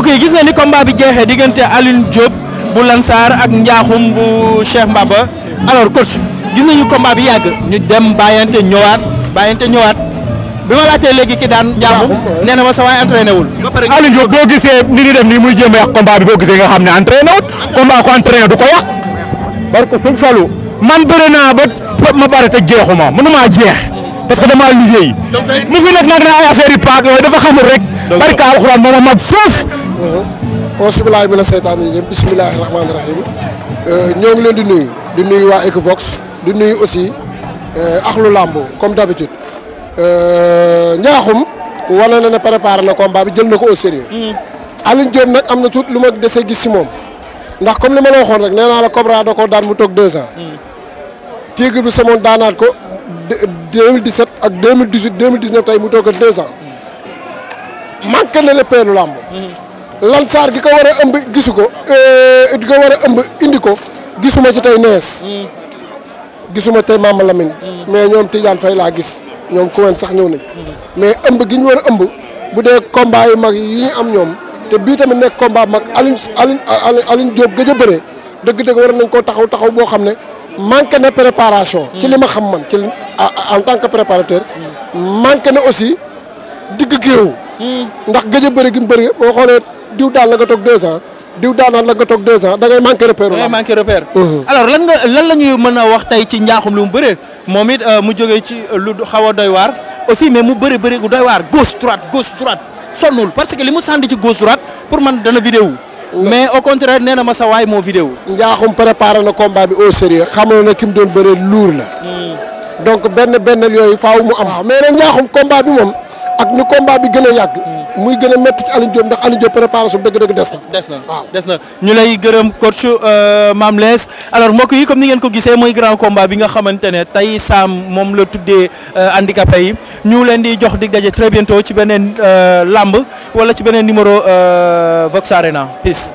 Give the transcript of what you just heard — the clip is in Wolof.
mbokk yi gis na ni combat bi jeexee diggante Alioune Diop bu Lansar ak Ndiakhoum bu Cheikh Mbaba alors coach gis nañu combat bi yàgg ñu dem bàyyante ñëwaat bàyyante ñëwaat bi ma laajtee léegi ki daan Ndiakhoum nee na ma sa waay entraîné wul. Alioune Diop boo gisee ni ñu def nii muy jéem a yàq bi boo gisee nga xam ne entraîné wut combat ko entraîné du ko yàq. parce que suñ falu man bari naa ba ma bare te jeexuma mënuma jeex. parce que damaa liggéey mu fi nag nag na ay affaire yi paak yooyu dafa xamul auzu billaahi mina seytaani rajiim bismillaahi rahmaani rahiim euh, ñoo ngi leen di nuyu di nuyu waa Equivox di nuyu aussi euh, axlu làmb comme d'habitude ñaaxum euh, wane na ne préparé na combat bi jël na ko au sérieux mm. Alioune Diop nag am na tuut lu ma desee gis si moom ndax comme li ma la waxoon rek nee naa la Cobra da ko daan mu toog deux ans mm. Tigre bi samoon daanaat ko 2017 ak 2018 2019 tey mu toog deux ans mm. manqué na le peelu làmb lansaar gi ko war a ëmb gisu ko eh, gi ko war a ëmb indi ko gisuma ci tey nees gisuma tey Mama Lamine mais ñoom Tidiane Faye laa gis ñoom Kouwén sax ñëw nañ mais ëmb gi ñu war a ëmb bu dee combat yu mag yi am ñoom te bii tamit nekk combat mag Alioune Alioune Alioune Diop gëj a bëre dëgg-dëgg war nañ koo taxaw taxaw boo xam ne manqué na préparation. ci li ma xam man ci en tant que préparateur. manqué na aussi digg géew. Hmm. ndax gëj a bëre gi mu bëre boo xoolee. diw daal la nga toog deux ans diw daal la nga toog deux ans da ngay manqué repère. da ngay manqué repère. Mhm. alors lan nga lan la ñuy mën a wax tey ci njaaxum lu mu bëree moom it euh, mu jógee ci euh, lu xaw a doy waar aussi mais mu bëri bëri gu doy waar gauche droite gauche droite sonnul parce que li mu sànni ci gauche droite pour man dana vidéo mm. mais au contraire nee na ma sa waay moo vidéo njaaxum préparé na combat bi au sérieux xamal na ki mu doon bëree lourd la. Mm. donc benn benn yooyu faaw mu am. mais nag njaaxum combat bi moom ak ni combat bi gën a yàgg. Mm. muy gën a métti ci Alioune Diop ndax Alioune Diop préparation dëgg-dëgg des na. des na des na ñu lay gërëm coach euh, Mame Less alors mbokk yi comme ni ngeen ko gisee mooy grand combat bi nga xamante ne tey Sam moom la tuddee euh, handicapé yi ñu leen di jox dig daje très bientôt ci beneen euh, làmb wala ci beneen numéro Vox Arena peace.